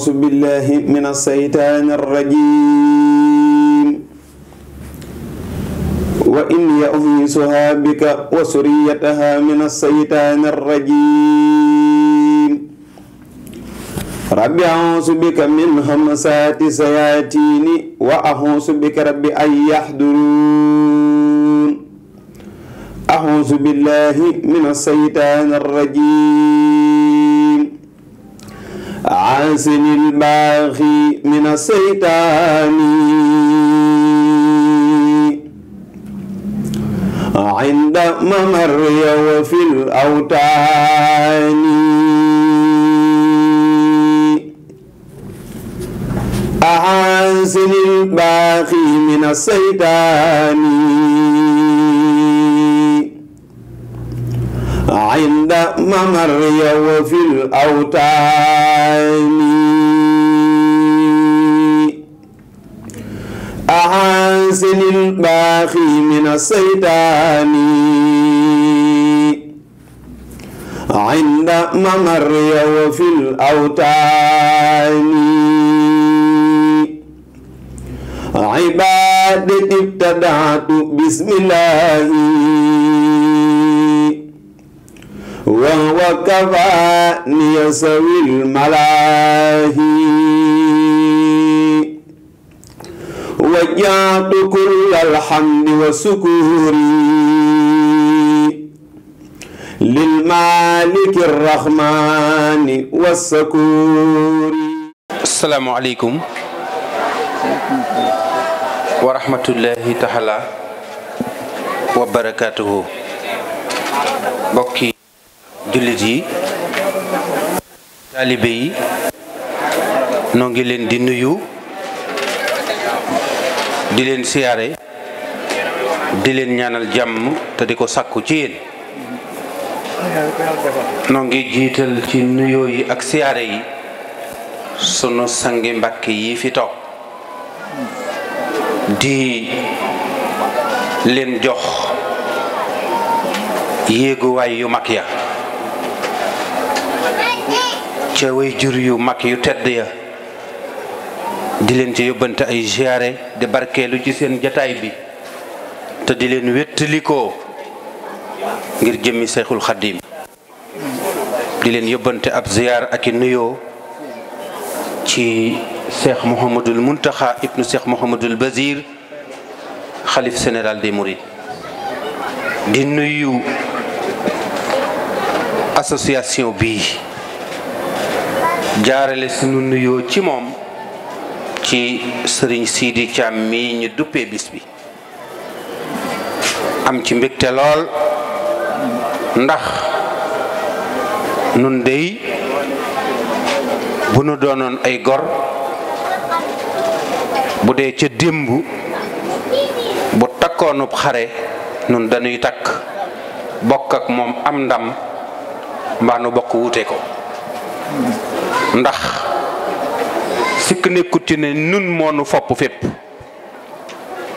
أعوذ بالله من الشيطان الرجيم وإني أغيثها بك وسريتها من الشيطان الرجيم رب أعوذ بك من همسات الشياطين وأعوذ بك رب أن يحضرون أعوذ بالله من الشيطان الرجيم الحسن الباغي من الشيطان عند ممر وفي الأوتان أحسن الباغي من الشيطان عند ممر وفي الأوتان أحاسن الباخي من السيطان عند ممر وفي الأوتان عبادة ابتدعت بسم الله وهو كفاني يسوي الملاهي وجعت كل الحمد وسكوري للمالك الرحمن والسكور السلام عليكم ورحمة الله تعالى وبركاته بكي jullit yi taalibe yi noo ngi leen di nuyu di leen siyaare di leen ñaanal jàmm te di ko sàkku ci yéen noo ngi jiital ci nuyoo yi ak siyaare yi sunu sangi mbàkk yi fi toog di leen jox yéeguwaay yu mag ya ca way jur yu mag yu tedd ya di leen ci yóbbante ay ziyaare di barkeelu ci seen jataay bi te di leen wéttalikoo ngir jëmmi Seexul Xaddiim di leen yóbbante ab ziyaar ak i nuyoo ci Cheikh Mouhamadul Muntaxa ibnu Cheikh Mouhamadul Basir xalif général des Mourides di nuyu association bii jaarale sunu nuyoo ci moom ci sëriñ Sidi Thiam mi ñu bis bi am ci mbégte lool ndax nun dey bu nu doonoon ay gor bu dee ca démb bu takkoonub xare nun dañuy takk bokk ak moom am ndam mbaa nu bokk wuute ko ndax sikk nekkuti ne nun moo nu fopp fépp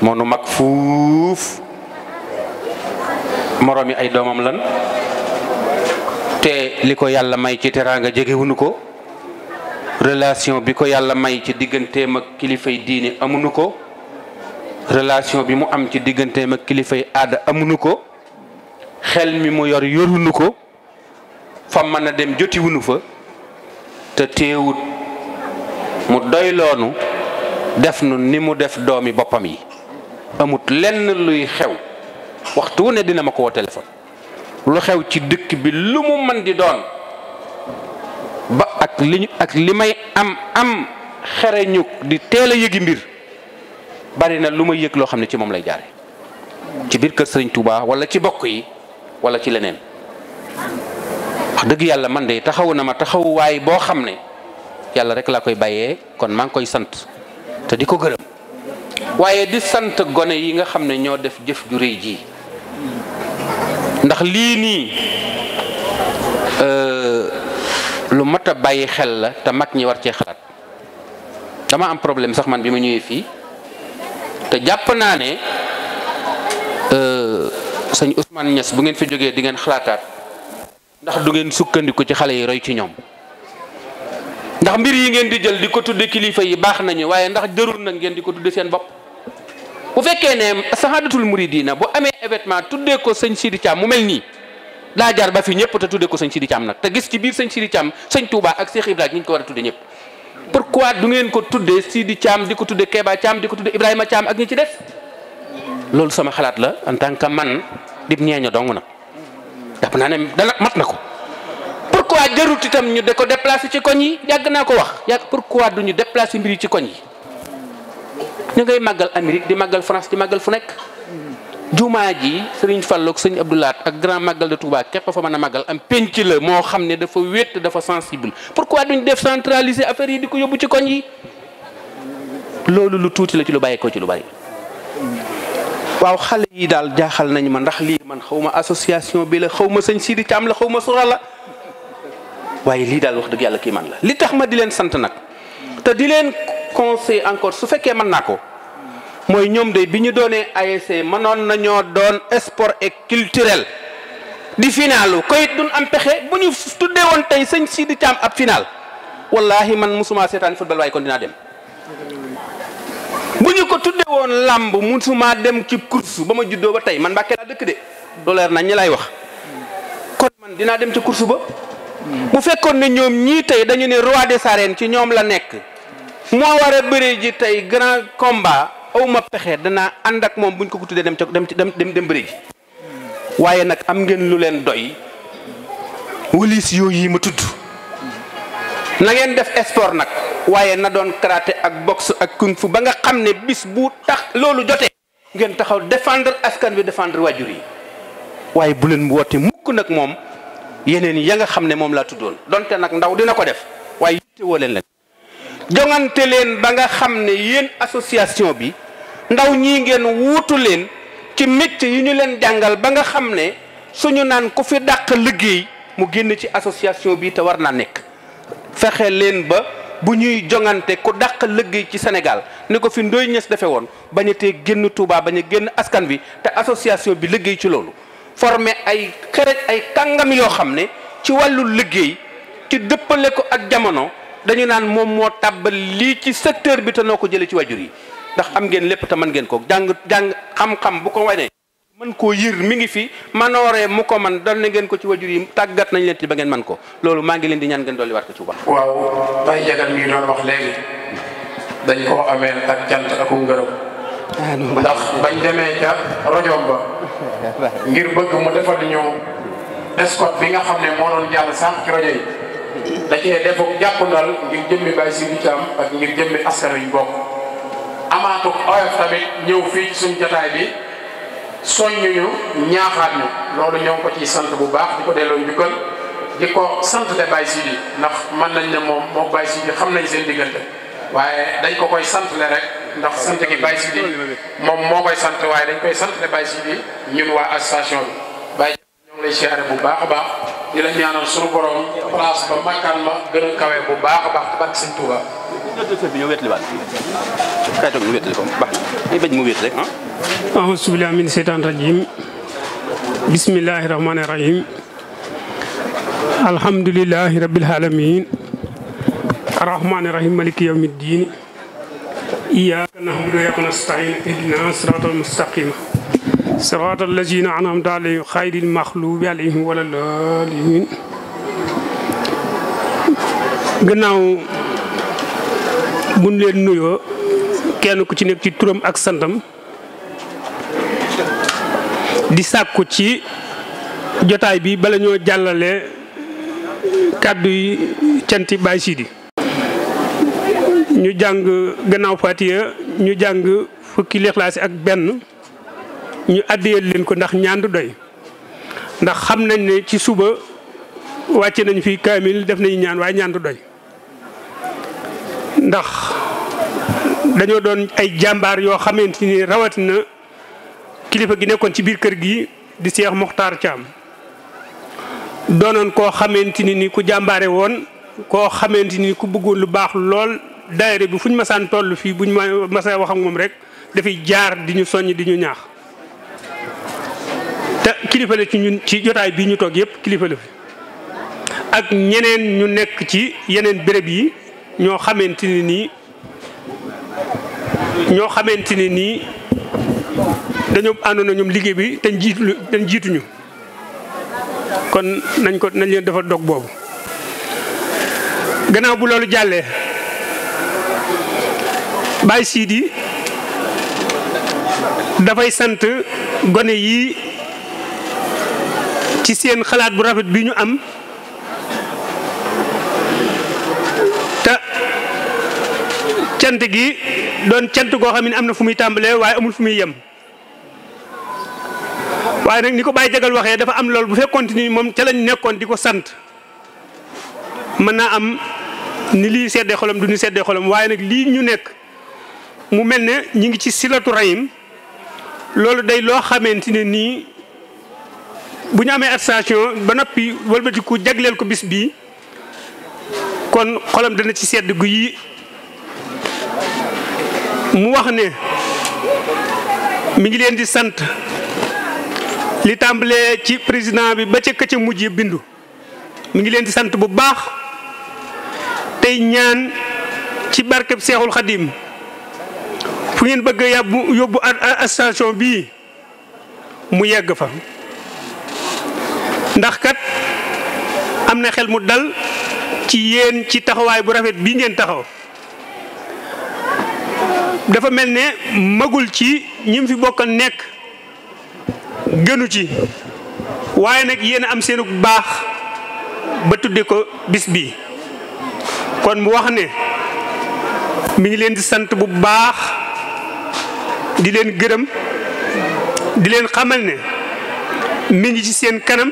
moo nu mag fuuf moroom yi ay doomam lan te li ko yàlla may ci teraanga jegewuñu ko relation bi ko yàlla may ci digganteem ak kilifay diini amuñu ko relation bi mu am ci digganteem ak kilifay aada amuñu ko xel mi mu yor yoruñu ko fa mën a dem jotiwuñu fa te téewut mu doyloonu def nu ni mu def doomi boppam yi amut lenn luy xew waxtu ne dina ma ko woo téléphone lu xew ci dëkk bi lu mu mën di doon ba ak li ak li may am am xereñu di teela yëgi mbir bari na lu ma yëg loo xam ne ci moom lay jaare ci biir kër Sëriñ Touba wala ci bokk yi walla ci leneen dëgg yàlla man de taxawu na ma taxawu waay boo xam ne yàlla rek laa koy bàyyee kon maa ngi koy sant te di ko gërëm waaye di sant gone yi nga xam ne ñoo def jëf ju réy ji ndax lii nii euh, lu mat a bàyyi xel la te mag ñi war cee xalaat dama am problème sax man bi ma ñëwee fii te jàpp naa ne euh, sëñ Ousmane Niass bu ngeen fi jógee di ngeen xalaataat. ndax du ngeen sukkandiku ci xale yi roy ci ñoom ndax mbir yi ngeen di jël di ko tudde kilifa yi baax nañu waaye ndax jërul nag ngeen di ko tudde seen bopp bu fekkee ne saxaadatul muridina bu amee événement tuddee ko sëñ Sidi caam mu mel nii daa jaar ba fi ñëpp te tuddee ko sëñ Sidi caam nag te gis ci biir sëñ Sidi Thiam sëñ Touba ak Cheikh Ibrahima ñu ngi ko war a tudde ñëpp pourquoi du ngeen ko tuddee Sidi Thiam di ko tuddee Kéba Thiam di ko tuddee Ibrahima Thiam ak ñi ci def loolu sama xalaat la en tant que man dib ñeeño dong nag jàpp naa ne dana mat na ko pourquoi jarut itam ñu de ko déplacer ci koñ yi yàgg naa ko wax yàgg pourquoi du ñu déplacer mbir yi ci koñ yi ñu ngay màggal Amérique di màggal France di màggal fu nekk jumaa ji sëriñ Fallu ak sëriñ Abdoulaat ak grand màggal de Touba képp fa mën a màggal am penc la moo xam ne dafa wét dafa sensible pourquoi duñ def centraliser affaire yi di ko yóbbu ci koñ yi loolu lu tuuti la ci lu bàyyi ko ci lu bari waaw xale yi daal jaaxal nañu ma ndax lii man xaw ma association bi la xaw ma sëñ Sidi Thiam la xaw ma sura la waaye lii daal wax dëgg yàlla kii man la li tax ma di leen sant nag te di leen conseil encore su fekkee man naa ko mooy ñoom de bi ñu doonee ASC mënoon nañoo doon sport et culturel di finaalu koy duñ am pexe bu ñu tuddee woon tey sëñ Sidi Thiam ab final wallaahi man mosuma seetaan football waaye kon dinaa dem. bu ñu ko tuddee woon làmb musumaa dem ci course ba ma juddoo ba tey man Mbàkke laa dëkk de loolu leer nañ ñi lay wax kon man dinaa dem ci course ba bu fekkoon ne ñoom ñii tey dañu ne roi de arènes ci ñoom la nekk moo war a bëri ji tey grand combat aw ma pexe danaa ànd ak moom buñ ko ko tuddee dem ca dem dem dem bëri ji waaye nag am ngeen lu leen doy wëlis yooyu yi ma tudd na ngeen def sport nag waaye na doon karaté ak box ak kung ba nga xam ne bis bu tax loolu jotee ngeen taxaw defendre askan wi defendre waajur yi waaye bu leen woote mukk nag moom yeneen ya nga xam ne moom laa tuddoon donte nag ndaw dina ko def waaye yitte woo leen la jongante leen ba nga xam ne yéen association bi ndaw ñi ngeen wuutu leen ci métier yi ñu leen jàngal ba nga xam ne su ñu naan ku fi dàq liggéey mu génn ci association bi te war naa nekk fexe leen ba bu ñuy jongante ku dàq liggéey ci Sénégal ni ko fi Ndoye Niass defe woon bañ a génn Touba bañ a génn askan bi te association bi liggéey ci loolu former ay xerej ay kàngam yoo xam ne ci wàllu liggéey ci dëppale ko ak jamono dañu naan moom moo tàbbal lii ci secteur bi te noo ko jëlee ci wajur yi ndax am ngeen lépp te mën ngeen ko jàng jàng xam-xam bu ko wanee mën koo yër mi ngi fi manooree mu ko man dal na ngeen ko ci wajur yi tàggat nañ leen ci ba ngeen man ko loolu maa ngi leen di ñaan ngeen dolli waat ko ci bu baax. waaw tay jagal mi doon wax ak cant ak ngërëm ah, ndax bañ demee ca rojom ba ngir bëgg mu defal ñu escort bi nga xam ne moo doon jàll sànq ci rajo yi da cee defuk jàppandal ngir jëmmi Baye Sidi Thiam ak ngir jëmmi askan yu bokk amaatu oyof tamit ñëw fii suñ jataay bi soññuñu ñaaxaat ñu loolu ñoo ko ciy sant bu baax di ko delloo njukkal di ko sant te Baye Sidi ndax man nañ ne moom moo Baye Sidi xam nañ seen diggante waaye dañ ko koy sant le rek ndax sant gi Baye Sidi moom moo koy sant waaye dañ koy sant te Baye ñun waa association bi ñoo ngi lay siyaare bu baax a baax di la ñaanal suñu borom place ba makkaan ma gën a kawe bu baax a baax ci barke Sëñ Tuuba. bi ñoo wétali waat kay toog ñu wétali ko baax na bañ mu wét rek ah. auzu billaahi min seytaan rajim bismillaahi rahmaani rahim alhamdulillahi rabbil alamin arrahmaani rahim maliki yawmi ddiin iyyaka na'budu wa iyyaka nasta'iin ihdina siraatal mustaqiim siraata allazina anamta alayhim xayril maxluubi alayhim wala laalimin gannaaw buñ leen nuyoo kenn ku ci nekk ci turam ak santam di sàkku ci jotaay bi bala ñoo jàllale kàddu yi canti Baay Sidi ñu jàng gannaaw Faatiha ñu jàng fukki lixlaasi ak benn ñu addiyal leen ko ndax ñaan du doy ndax xam nañ ne ci suba wàcc nañ fi kaamil def nañu ñaan waaye ñaan du doy ndax dañoo doon ay jàmbaar yoo xamante ni rawatina kilifa gi nekkoon ci biir kër gi di Seex Moxtaar Caam doonoon koo xamante ni ni ku jàmbaare woon koo xamante ni ku bëggoon lu baax lool daayira bi fu ñu masaan toll fii bu ñu masaan wax ak moom rek dafay jaar di ñu soññ di ñu ñaax te kilifa ci ñun ci jotaay bii ñu toog yëpp kilifa fi ak ñeneen ñu nekk ci yeneen béréb yi ñoo xamante ne nii ñoo xamante ne nii dañoo àndoon na ñoom liggéey bi dañ jiitu kon nañ ko nañ leen dafa dog boobu. gannaaw bu loolu jàllee Baye Sidi dafay sant gone yi. ci seen xalaat bu rafet bi ñu am te cant gi doon cant goo xam ne am na fu muy tàmbalee waaye amul fu muy yem waaye nag ni ko Baye Jagal waxee dafa am loolu bu fekkoon ni moom ca lañu nekkoon di ko sant mën naa am ni lii seddee xolam du ñu seddee xolom waaye nag lii ñu nekk mu mel ne ñu ngi ci silatu rahim loolu day loo xamante ne nii bu ñu amee association ba noppi wëlbatiku jagleel ko bis bii kon xolam dana ci sedd gu yi mu wax ne mu ngi leen di sant li tàmbalee ci président bi ba ca ka mujj bindu mu ngi leen di sant bu baax tey ñaan ci barkeb seexul xadim fu ngeen bëgg a yàbbu yóbbu association bii mu yegg fa ndax kat am na xel mu dal ci yéen ci taxawaay bu rafet bi ngeen taxaw dafa mel ne magul ci ñim fi bokkal nekk gënu ci waaye nag yéen am seenu baax ba tudde ko bis bi kon mu wax ne mi ngi leen di sant bu baax di leen gërëm di leen xamal ne mi ngi ci seen kanam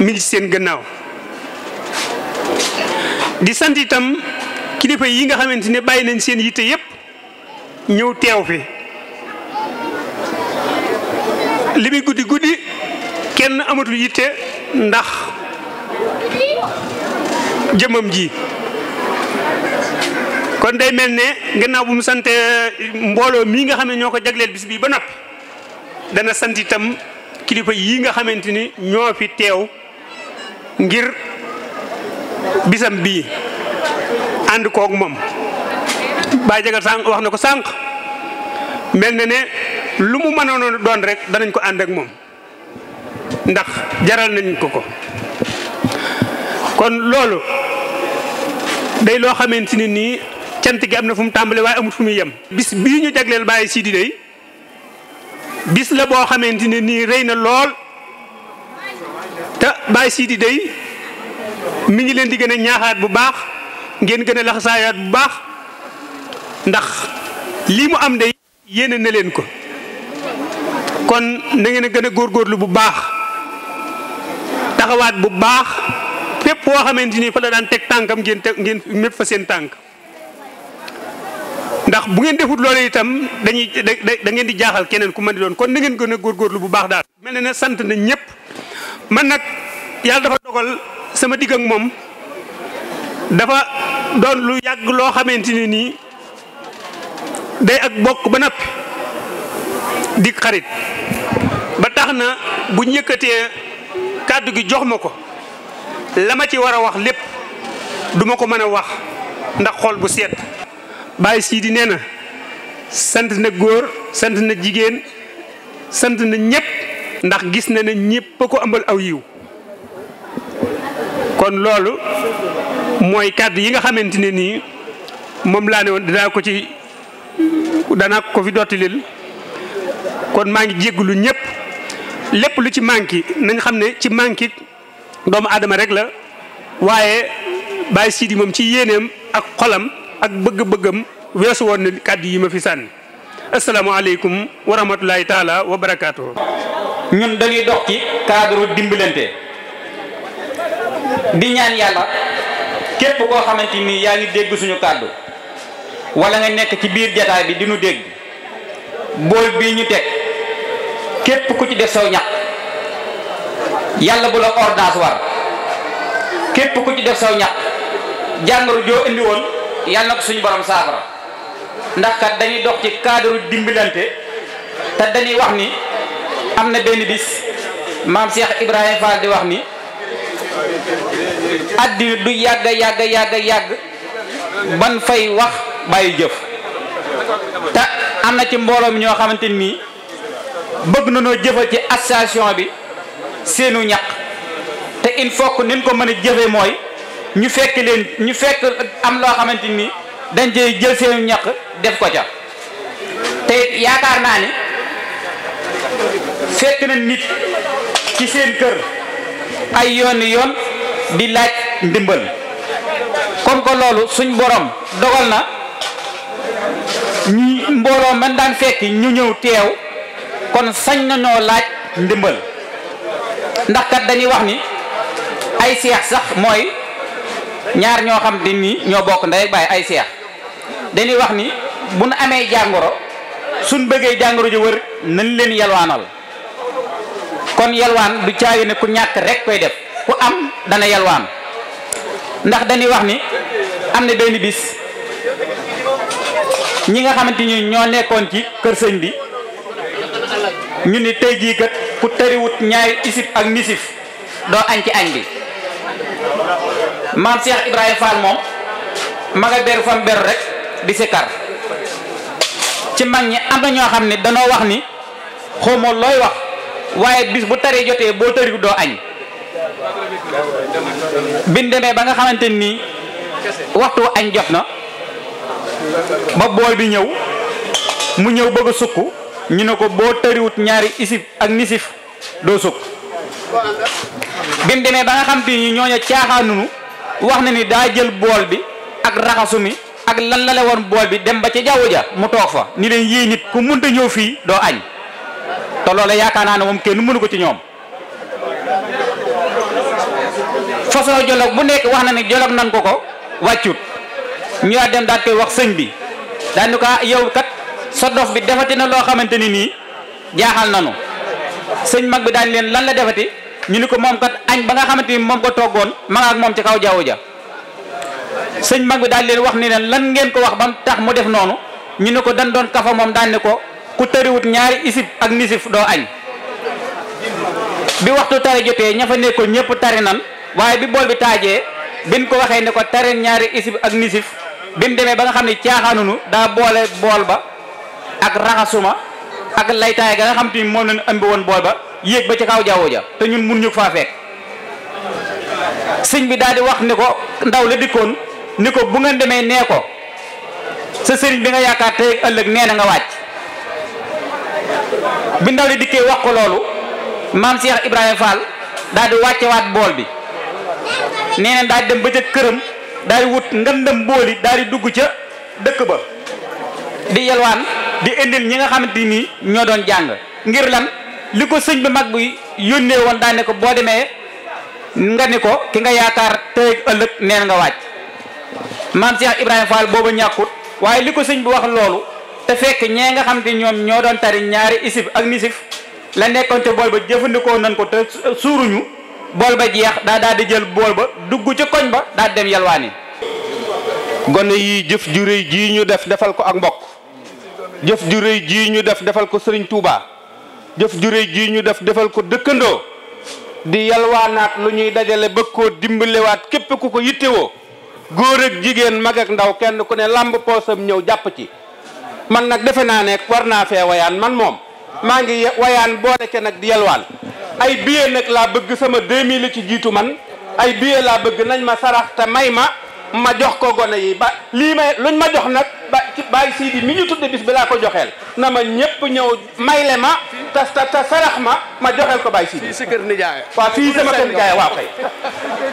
mi ngi ci seen gannaaw di sant itam kilifa yi nga xamante ne bàyyi nañ seen yitte yépp ñëw teew fi li muy guddi guddi kenn amatul yitte ndax jëmmam ji kon day mel ne gannaaw bu mu sante eh, mbooloo mii nga xam ne ñoo ko jagleel bis bii ba noppi dana sant itam kilifa yi nga xamante ni ñoo fi teew ngir bisam bii ànd kook moom Baye Jagal sànq wax na ko sànq mel na ne lu mu mënoon doon rek danañ ko àndak moom ndax jaral nañ ko ko kon loolu day loo xamante ne nii cant gi am na fu mu tàmbale waaye amul fu muy yem bis bii ñu jagleel Baye Sidi day bis la boo xamante nii rëy na lool da te sii di day mi ngi leen di gën a ñaaxaat bu baax ngeen gën a laxasaayaat bu baax ndax lii mu am day yéene na leen ko kon na a gën a góorgóorlu bu baax taxawaat bu baax fépp woo xamante ni la daan teg tànkam ngeen ngeen mépp fa seen tànk ndax bu ngeen defut loolu itam dañuy da ngeen di jaaxal keneen ku mën di doon kon na ngeen gën a góorgóorlu bu baax daal mel na ne sant na ñëpp man nag yàlla dafa dogal sama digg moom dafa doon lu yàgg loo xamante ne nii day ak bokk ba napp dig xarit ba tax na bu ñu kàddu gi jox ma ko la ma ci war a wax lépp duma ko mën a wax ndax xol bu set Baye di nee na sant na góor sant na jigéen sant na ñëpp ndax gis na ne ñëpp a ko ëmbal aw yiw kon loolu mooy kàddu yi nga xamante ne nii moom laa ne woon dinaa ko ci danaa ko fi dottilil kon maa ngi jégglu ñëpp lépp lu ci manqué nañ xam ne ci manqué doomu aadama rek la waaye Baye Sidi moom ci yéeneem ak xolam ak bëgg-bëggam weesu woon na kàddu yi ma fi sànni asalaamaaleykum wa rahmatulahi taala wa barakaatu. ñun dañuy dox ci cadre dimbalante. di ñaan yàlla képp koo xamante nii yaa ngi dégg suñu kàddu wala nga nekk ci biir jataay bi di nu dégg bool bii ñu teg képp ku ci def saw ñaq yàlla bu la ordonnance war képp ku ci def saw ñaq jàngoro joo indi woon yàlla na ko suñu borom saafara ndax kat dañuy dox ci cadre dimbilante te dañuy wax ni am na benn bis maam Cheikh Ibrahima Fall di wax ni addi du yàgg yàgg yàgg yàgg ban fay wax bàyyi jëf te am na ci mbooloom ñoo xamante nii bëgg na noo jëfal ci association bi seenu ñaq te il faut que nin ko mën a jëfe mooy ñu fekk leen ñu fekk am loo xamante nii dañ cee jël seenu ñaq def ko ca te yaakaar naa ni fekk na nit ci seen kër ay yoon yoon di laaj ndimbal kon ko loolu suñ borom dogal na ñi mbooloo man daan fekk ñu ñëw teew kon sañ nañoo laaj ndimbal ndax kat dañuy wax ni ay seex sax mooy ñaar ñoo xam di ni ñoo bokk ndey ak ay seex dañuy wax ni bu nu amee jàngoro suñ bëggee jàngoro ji wër nañ leen yalwaanal kon yalwaan du caagi ne ku ñàkk rekk koy def ku am dana yalwaan ndax dañuy wax ni am na benn bis ñi nga xamante ni ñoo nekkoon ci kër sëñ bi ñu ni tey jii kat ku tëriwut ñaari isib ak misif doo añ ci añ bi maam Cheikh Ibrahima Fall moom ma nga beru fam beru rek di sikkar ci mag ñi am na ñoo xam ne danoo wax ni xawma looy wax waaye bis bu tari jotee boo tëriwut doo añ biñ ba nga xamante nii waxtu añ jot na ba bool bi ñëw mu ñëw bëgg a sukk ñu ne ko boo tëriwut ñaari isif ak nisif doo sukk biñ demee ba nga xamante ni ñooñu caaxaanunu wax na ni daa jël bool bi ak raxasu mi ak lan la le woon bool bi dem ba ci jaww ja mu toog fa ni leen yii nit ku munta ñëw fii doo añ te loolu yaakaar naa ne moom kenn mënu ko ci ñoom façon joloog bu nekk wax na ne joloog nan ko ko wàccut ñu daa dem daal koy wax sëñ bi daanu ko ah, yow kat sa dof bi defati na loo xamante ni nii jaaxal nanu sëñ mag bi daañu leen lan la defati ñu ni ko moom kat añ ba nga xamante ni moom ko toggoon ma ak moom ci kaw jaww ja sëñ mag bi daañu leen wax ni leen lan ngeen ko wax bam tax mu def noonu ñu ni ko dan doon kafa moom daan ni ko ku tëriwut ñaari isib ak nisif doo añ bi waxtu tari jotee ña fa nekkoon waaye bi bool bi taajee biñ ko waxee ne ko taren ñaari isib ak nisif bi mu demee ba nga xam ne caaxaanunu daa boole bool ba ak raxasuma ak laytaay ga nga xam te ni moom lañu ëmbi woon bool ba yéeg ba ci xaw jaww ja te ñun mun ñu faa fekk sëñ bi daal di wax ni ko ndaw la dikkoon ni ko bu ngeen demee nee ko sa sëriñ bi nga yaakaar tey ëllëg nee na nga wàcc bi ndaw li dikkee wax ko loolu maam Cheikh Ibrahima Fall daal di wàccewaat bool bi nee na dem ba ca këram daal di wut ngëndam booli daal di dugg ca dëkk ba di yelwaan di indil ñi nga xamante ni ñoo doon jàng ngir lan li ko sëñ bi mag bi yónnee woon daa ko boo demee nga ni ko ki nga yaakaar tey ëllëg neen nga wàcc maam Cheikh Ibrahima Fall booba ñàkkut waaye li ko sëñ bi wax loolu te fekk ñee nga xam te ñoom ñoo doon tari ñaari isif ak nisif la nekkoon ca bool ba jëfandikoo nañ ko te suuruñu bool ba jeex daa daal di jël bool ba dugg ci koñ ba daal di dem yalwaani gone yi jëf ju rëy jii ñu def defal ko ak mbokk jëf ju ji ñu def defal ko sëriñ tuubaa jëf ju rëy jii ñu def defal ko dëkkandoo di yalwaanaat lu ñuy dajale bëgg koo dimbalewaat képp ku ko yittewoo góor ak jigéen mag ak ndaw kenn ku ne làmb poosam ñëw jàpp ci man nag defe naa ne war naa fee wayaan man moom maa ngi wayaan boole ca nag di yalwaan ay billet nag laa bëgg sama 2000 la ci jiitu man ay billet la bëgg nañ ma sarax te may ma ma jox ko gone yi ba lii may luñ ma jox nag Baye Sidi mi ñu tudde bis bi laa ko joxeel na ma ñëpp ñëw mayle ma tas ta sarax ma ma joxeel ko Baye Sidi. fii si kër nijaay fii sama kër nijaay waaw kay.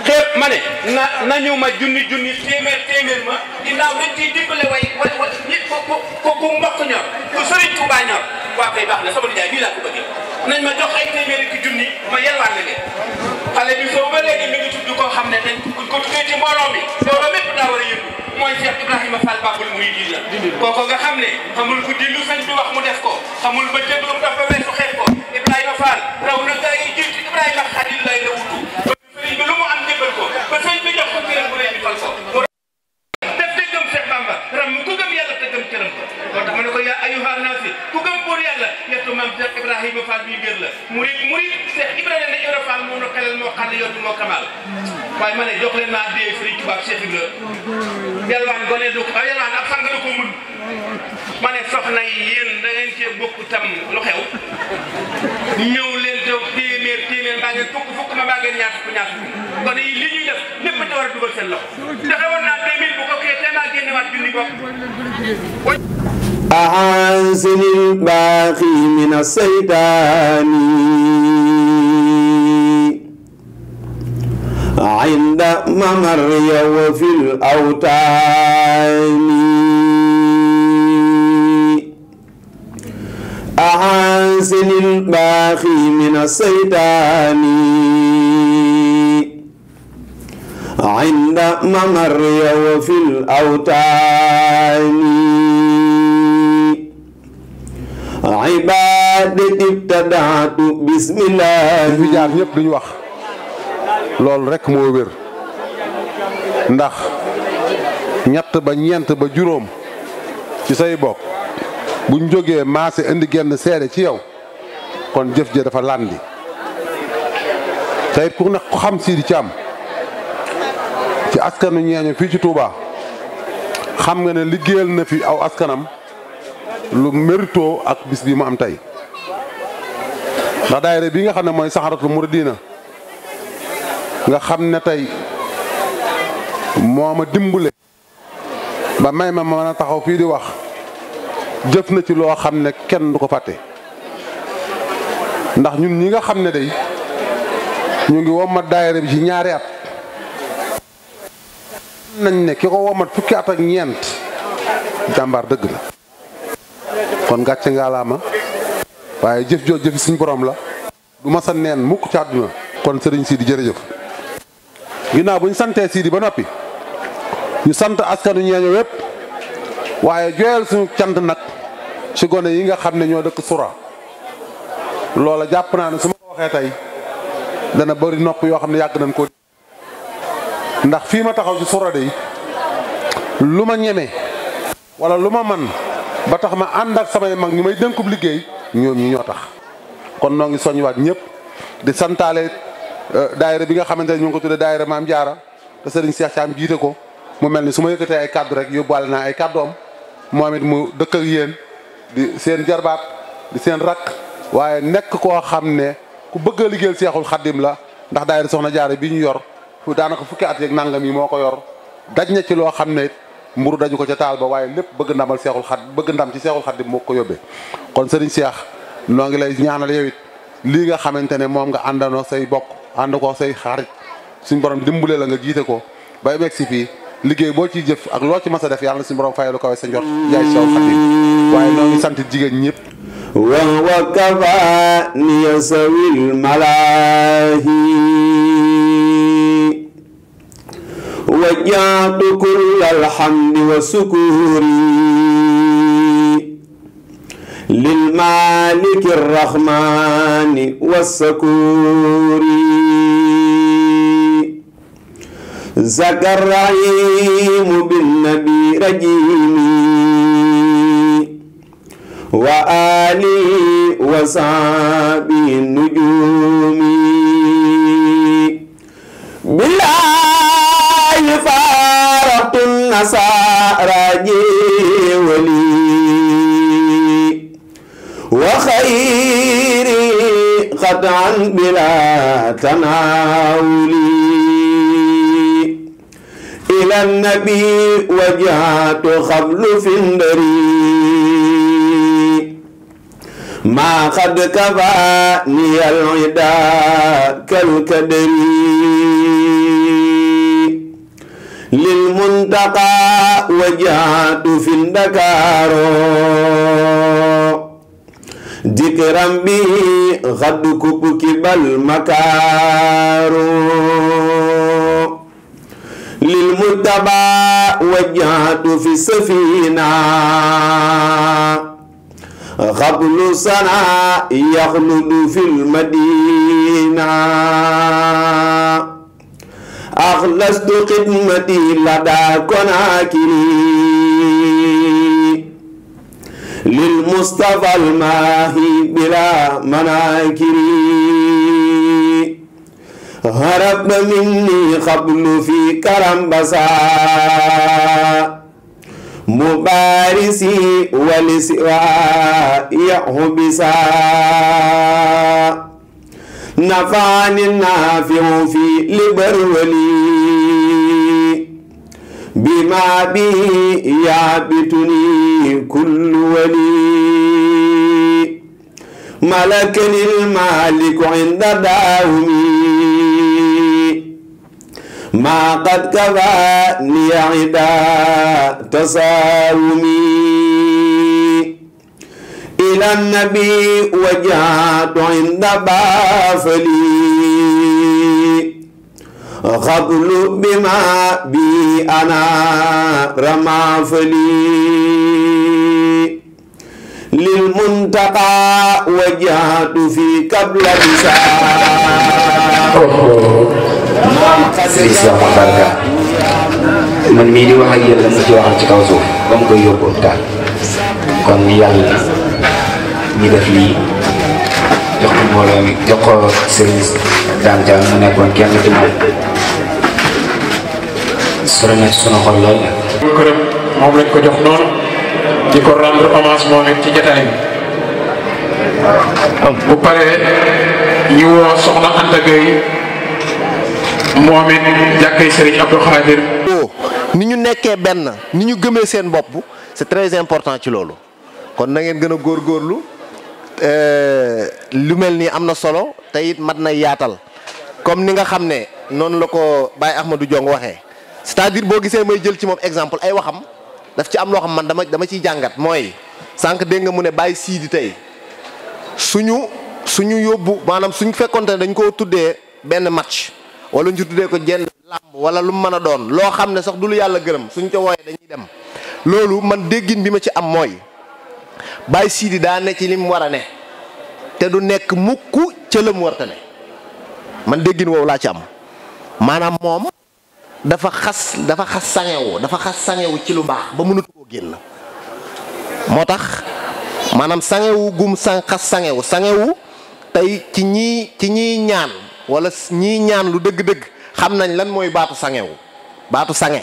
xeeb ma ne na nañu ma junni junni téeméer téeméer ma ginnaaw dañ ciy dimbale way way way nit ku nañ ma jox ay téeméeri ki junni ma yelwaan la xale bi soo ba léegi mi ngi tudd koo xam ne dañ ko tuddee ci mbooloo mi loolu lépp daa war a yëngu mooy Cheikh Ibrahima Fall Babul Mouridina kooku nga xam ne xamul ku di lu sëñ bi wax mu def ko xamul ba jëndoom dafa weesu xeeb ko a Fall raw na ma ne jox leen naa dee Sëriñ Tuubaa Cheikh Ibra yalwaan gone du ko yalwaan ab sànq du ko mën ma ne soxna yi yéen da ngeen cee bokk tam lu xew ñëw leen te téeméer téeméer mbaa ngeen fukk fukk ma mbaa ngeen ñaar fukk ñaar fukk gone yi li ñuy def ñëpp da war a dugal seen loxo dafa war naa téeméer bu ko kee tey maa génne waat junni bopp أعاذني الباقي من الشيطان عند ممر وفي الأوتان أحاسن الباخي من السيطان عند ممر وفي الأوتان عبادة ابتدعت بسم الله loolu rekk moo wér ndax ñett ba ñeent ba juróom ci say bokk buñ jógee maase indi genn seede ci yow kon jëf ja dafa landi te it ku nag xam Sidi Thiam ci askanu ñeeño fii ci Touba xam nga ne liggéeyal na fi aw askanam lu mérito ak bis bi mu am tey ndax daayira bi nga xam ne mooy mu saxaratul diina nga xam ne tey moo ma dimbale ba may ma mën a taxaw fii di wax jëf na ci loo xam ne kenn du ko fàtte ndax ñun ñi nga xam ne dey ñu ngi wommat daayira bi ci ñaari at nañ ne ki ko wommat fukki at ak ñeent jàmbaar dëgg la kon gàcce ngaalaama waaye jëf joo jëfi suñ borom la du ma sa neen mukk ci àdduna kon sëriñ si di jërëjëf ginnaaw bu ñu santee Sidi ba noppi ñu sant askanu ñeeño wépp waaye jooyal suñu cant nag ci gone yi nga xam ne ñoo dëkk sura loola jàpp naa ne su ma waxee tey dana bari nopp yoo xam ne yàgg nañ ko ndax fii ma taxaw ci sura de lu ma ñeme wala lu ma man ba tax ma ànd ak samay mag ñu may dënkub liggéey ñoom ñi ñoo tax kon noo ngi soññiwaat ñëpp di santaale Euh, daayira bi nga xamante ne ñu ngi ko tuddee daayira maam jaara te sëriñ seex Thiam jiite ko mu mel ni su ma yëkkatee ay kaddu rek yóbbuwaale naa ay kaddoom moom it mu dëkk ak yéen di seen jarbaat di seen rakk waaye nekk koo xam ne ku bëgg a liggéeyal seexul xaddim la ndax daayira soxna jaara bi ñu yor fu daanaka fukki at yeeg nangam yi moo ko yor daj na ci loo xam ne it mburu daju ko ca taal ba waaye lépp bëgg ndamal seexul xad bëgg ndam ci seexul xaddim moo ko yóbbee kon sëriñ Cheikh noo ngi lay ñaanal yow it lii nga xamante ne moom nga àndandoo say bokk ànd ko say xarit suñ borom dimbalee jiite ko bay meeg si liggéey boo ci jëf ak loo ci mas a def yàlla na suñu borom fayal lu kawe sant jigéen ñëpp wa wa kafa ni yasawil malaahi kull alhamdi wa lil maliki arrahmani wa زكى الرحيم بالنبي رجيم وآله وصحبه النجوم بالله فارقت النصارى ولي وخيري قطعا بلا تناولي إلى النبي وجهت خبل فندري ما قد كفاني العدا كالكدر للمنتقى وجهت في الدكار ذكرا به غد كبك بل مكارو lil murtabaa wajjahtu fi safina xablu sana yaxludu fil madina axlastu xidmati lada konaakiri lil mustafa almaahi bila manaakiri هرب مني قبل في كرم بسا مبارسي ولسوى يحبسا نفعني النافع في لبرولي بما به يعبتني كل ولي ملكني المالك عند داومي ما قد كفاني عدا تساومي إلى النبي وجعت عند بافلي قبل بما بي أنا رمى فلي للمنتقى وجهت في قبل بساء Islam ak baraka man mii di wax ak la mu ci waxal ci kaw suuf koy yóbbu hôpital kon yàlla ñu def lii jox ko mbooloo mi jox ko sëriñ Dame Thiam mu nekkoon kenn ci moom sori lañ ko jox noonu di ko rendre hommage moom it ci jotaay bi oh. bu paree ñu woo soxna Anta Gueye moom it jàkkay Serigne Abdou Khadir. ni ñu nekkee benn ni ñu gëmee seen bopp c'est très important ci loolu kon nangeen ngeen gën a góorgóorlu eh, lu mel nii am na solo tey mat na yaatal comme ni nga xam ne noonu la ko Baye Ahmadou Diong waxee c'est-à-dire boo gisee may jël ci moom exemple ay waxam daf ci am loo xam man dama dama ciy jàngat mooy sànq dégg nga mu ne Baye Sidi tey suñu suñu yóbbu maanaam suñu fekkonte ne dañ koo tuddee benn match. wala ñu tuddee ko jenn làmb wala lu mën a doon loo xam ne sax du lu yàlla gërëm suñ ko wooyee dañuy dem loolu man déggin bi ma ci am mooy Baye Sidi daa ne ci li mu war a ne te du nekk mukk ca la war man déggin woowu laa ci am maanaam moom dafa xas dafa xas sangewu dafa xas sangewu ci lu baax ba mënut koo génn moo tax maanaam sangewu gum san xas sangewu sangewu tey ci ñii ci ñiy ñaan wala ñii ñaan lu dëgg-dëgg xam nañ lan mooy baatu sangewu baatu sange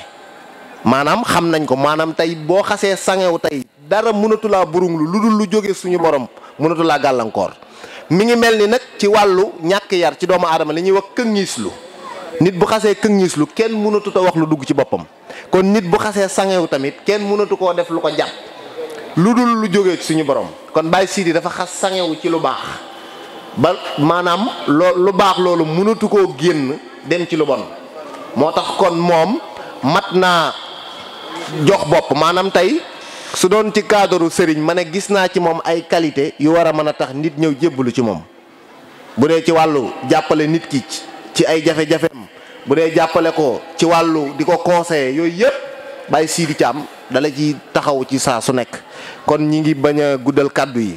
maanaam xam nañ ko maanaam tey boo xasee sangewu tey dara mënatulaa laa burung lu lu dul lu jóge suñu borom mënatu gàllankoor mi ngi mel ni nag ci wàllu ñàkk yar ci doomu aadama li ñuy wax këngiislu nit bu xasee këngiislu kenn mënatu ta wax lu dugg ci boppam kon nit bu xasee sangewu tamit kenn mënatu koo def lu ko jàpp lu dul lu jógee ci borom kon Baye Sidi dafa xas sangewu ci lu baax ba maanaam loo lu baax loolu mënatu koo génn dem ci lu bon moo tax kon moom mat naa jox bopp maanaam tey su doon ci cadre sëriñ ma ne gis naa ci moom ay qualité yu war a mën a tax nit ñëw jébbalu ci moom bu dee ci wàllu jàppale nit ki ci ay jafe-jafeem bu dee jàppale ko ci wàllu di ko conseiller yooyu yëpp bàyyi siidi caam dala ci taxaw ci saa su nekk kon ñi ngi bañ a guddal kàddu yi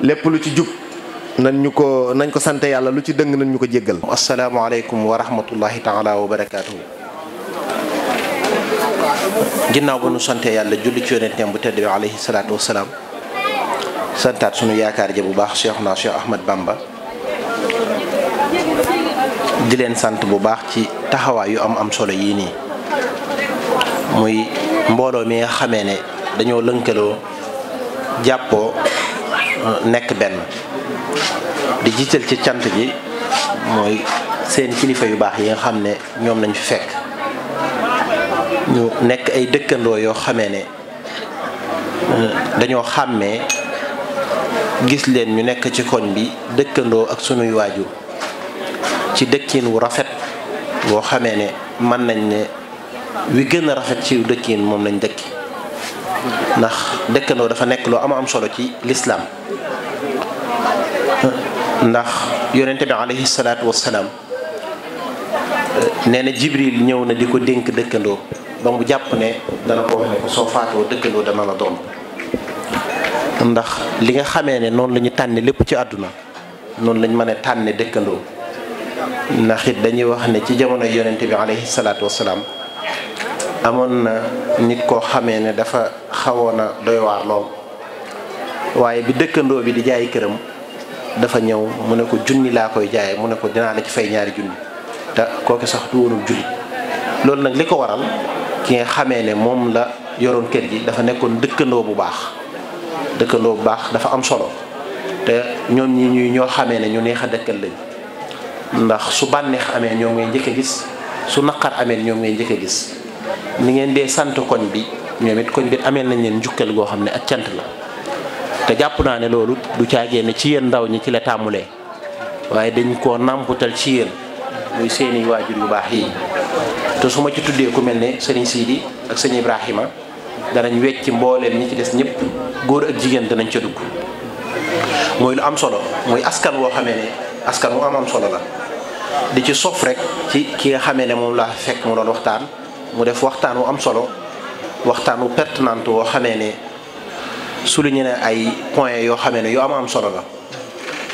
lépp lu ci jub nañ ñu ko nañ ko sant yàlla lu ci dëng nañ ñu ko jéggal. asalaamaaleykum wa rahmatullahi taala wa barakaatuhu. ginnaaw ba nu sante yàlla julli ci yonenteem bu tedd bi alayhi salaatu salaam. santaat suñu yaakaar ja bu baax Cheikh naa Cheikh Ahmad Bamba. di leen sant bu baax ci taxawaay yu am am solo yii nii. muy mbooloo mi nga xamee ne dañoo lënkaloo jàppoo nekk benn. di jiital ci cant gi mooy seen kilifa yu baax yi nga xam ne ñoom lañ fi fekk ñu nekk ay dëkkandoo yoo xame ne euh, dañoo xàmmee gis leen ñu nekk ci koñ bi dëkkandoo ak sunuy waajur ci dëkkiin wu rafet boo xamee ne mën nañ ne wi gën a rafet ci dëkkin moom lañ dëkki ndax dëkkandoo dafa nekk loo am am solo ci lislaam ndax yonente bi alayhi salaatu wassalaam nee na jibril ñëw na di ko dénk dëkkandoo ba mu jàpp ne dana ko wax ne ko soo faatoo dëkkandoo dana la doon ndax li nga xamee ne noonu la ñu tànne lépp ci àdduna noonu lañ mën a tànne dëkkandoo ndax it dañuy wax ne ci jamono yonente bi alayhi salaatu salaam amoon na nit koo xamee ne dafa xawoon a doy waar lool waaye bi dëkkandoo bi di jaay këram dafa ñëw mu ne ko junni laa koy jaayee mu ne ko dinaa la ci fay ñaari junni te kooku sax du woonul julli loolu nag li ko waral ki nga xamee ne moom la yoroon kër gi dafa nekkoon dëkkandoo bu baax dëkkandoo bu baax dafa am solo te ñoom ñi ñuy ñoo xamee ne ñu neex a dëkkal lañ ndax su bànneex amee ñoom ngay njëkk a gis su naqar amee ñoom ngay njëkk a gis ni ngeen dee sant koñ bi ñoom it koñ bi amee nañ leen njukkal goo xam ne ak cant la te jàpp naa ne loolu du caagee ne ci yéen ndaw ñi ci la tàmmulee waaye dañ koo nàmputal ci yéen muy seeni waajur yu baax yi te su ma ci tuddee ku mel ne sëriñ Sidi ak sëñ Ibrahima danañ wecc mbooleem ñi ci des ñëpp góor ak jigéen danañ ca dugg mooy lu am solo mooy askan woo xamee ne askan wu am am solo la di ci sof rek ci ki nga xamee ne moom laa fekk mu doon waxtaan mu def waxtaan wu am solo waxtaan wu pertinent woo xamee ne su souligné ne ay points yoo xamee ne yoo am am solo la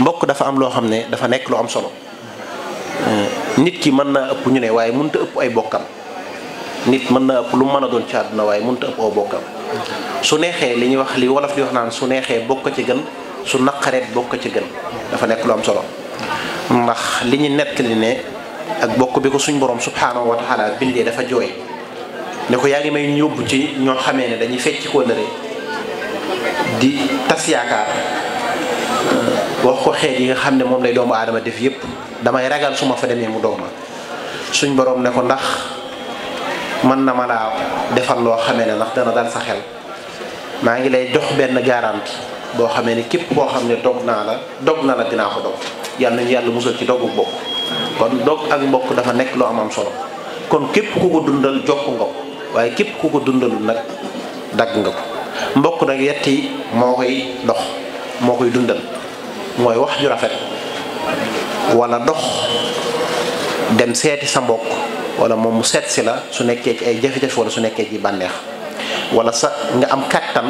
mbokk dafa am loo xam ne dafa nekk lu am solo hmm. nit ki mën naa ëpp ñu ne waaye mënut a ëpp ay bokkam nit mën naa ëpp lu mën a doon ci àdduna waaye mënut a ëpp aw bokkam su neexee li ñuy wax li wolof di wax naan su neexee bokk ci gën su naqareet bokk ci gën dafa nekk lu am solo ndax li ñu nettali ne ak bokk bi ko suñ borom subhaanahu wa taala bindee dafa jooy ne ko yaa ngi may ñu yóbbu ci ñoo xamee ne dañuy fecc kóllëre di tas yaakaar euh, wax ko xeet yi nga xam ne moom lay doomu aadama def yépp damay ragal su ma fa demee mu dog dooma suñ boroom ne ko ndax mën na ma laa defal loo xamee ne ndax dana dal sa xel maa ngi lay dox benn garanti boo xamee ne képp koo xam ne dog naa la dog na la dinaa ko dog yàlla nañu yàlla musal ci dogu bokk kon dog ak mbokk dafa nekk lu am am solo kon képp ku ko dundal jokk nga ko waaye képp ku ko dundalul nag dagg nga ko mbokk nag yetti moo koy dox moo koy dundal mooy wax ju rafet wala dox dem seeti sa mbokk wala moom mu seet si la su nekkee ci ay jafe-jafe wala su nekkee ci bànneex wala sa nga am kàttan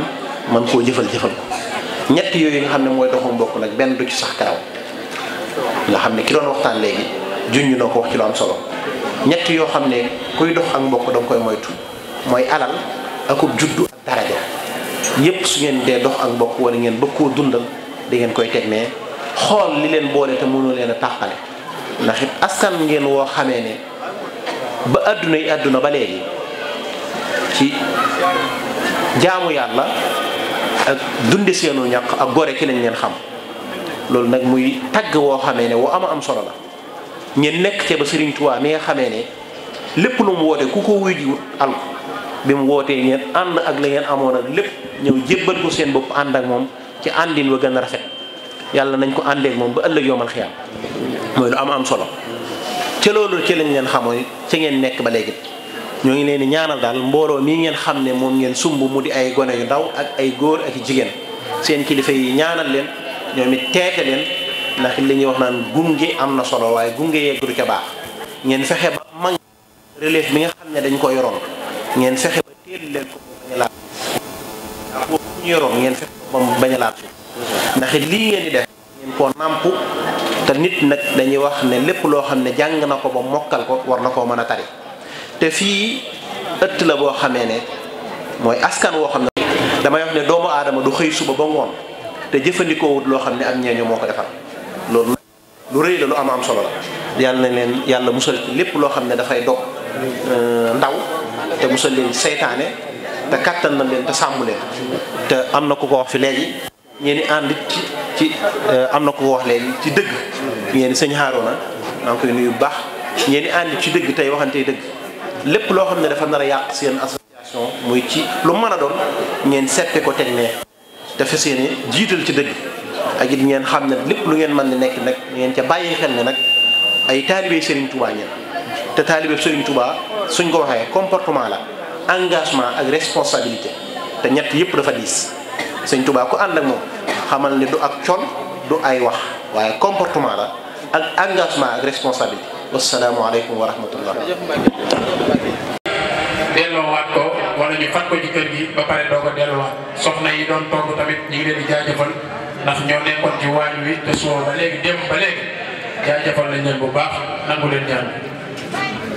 man koo jëfal jëfal ko ñett yooyu nga xam ne mooy doxu mbokk nag benn du ci sax karaw nga xam ne ki doon waxtaan léegi junj noo ko wax ci lu am solo ñett yoo xam ne kuy dox ak mbokk danga koy moytu mooy alal akub juddu ak daraja yépp su ngeen dee dox ak mbokk wala ngeen bëgg koo dundal da ngeen koy teg ne xool li leen boole te mënoo leen a tàqale ndax it askan ngeen woo xamee ne ba àdduna yi àdduna ba léegi ci jaamu yàlla ak dundi seenu ñàq ak gore ki lañ leen xam loolu nag muy tagg woo xamee ne woo ama am solo la ngeen nekk ca ba Sëriñ Tuubaa mi nga xamee ne lépp lu mu woote ku ko wuy ji alko bi mu wootee ngeen ànd ak la ngeen amoon ak lépp ñëw jébbal ko seen bopp ànd ak moom ci àndin wa gën a rafet yàlla nañ ko àndeek moom ba ëllëg yoomal xiyaam mooy lu am am solo ca loolu ci lañ leen xamooy ci ngeen nekk ba léegi ñoo ngi leen di ñaanal daal mbooloo mii ngeen xam ne moom ngeen sumb mu di ay gone yu ndaw ak ay góor ak jigéen seen kilifa yi ñaanal leen ñoom it teete leen ndax li ñuy wax naan gunge am na solo waaye gunge yeggul ca baax ngeen fexe ba mag relève bi nga xam ne dañ ko yoroon ngeen fexe ba teel leen ko bañ ngeen fexe mu bañ a laal suuf lii ngeen di def ngeen koo nàmp te nit nag dañuy wax ne lépp loo xam ne jàng na ko ba mokkal ko war na koo mën a tari te fii ëtt la boo xamee ne mooy askan woo xam ne damay wax ne doomu aadama du xëy suba ba ngoon te jëfandikoowut loo xam ne ak ñeeño moo ko defal loolu lu rëy la lu am am solo la yàlla na leen yàlla musal lépp loo xam ne dafay dog euh, ndaw te musal leen seytaane te kàttan na leen te sàmm leen te am na ku ko wax fi léegi ngeen di ànd ci ci eh, am na ku ko wax léegi ci dëgg ngeen sëñ Harouna maa ngi koy nuyu bu baax ngeen di ànd ci dëgg tey waxante dëgg lépp loo xam ne dafa nar a yàq seen association muy ci lu mën a doon ngeen seppe ko teg ne dafa seen jiital ci dëgg ak it ngeen xam ne lépp lu ngeen mën di nekk nag ngeen ca bàyyi xel ne nag ay taalibe Serigne Touba ñeen te taalibe Serigne Touba suñ ko waxee comportement la engagement ak responsabilité te ñett yëpp dafa diis sëñ Tuubaa ku ànd ak moom xamal ni du ak col du ay wax waaye comportement la ak engagement ak responsabilité wasalaamualeykum wa rahmatullah delloowaat ko wala ñu fat ko ci kër gi ba pare doo ko delloowaat soxna yi doon togg tamit ñu ngi leen di jaajëfal ndax ñoo nekkoon ci waañ wi te suba ba léegi dem ba léegi jaajëfal lañ leen bu baax nangu leen ñaan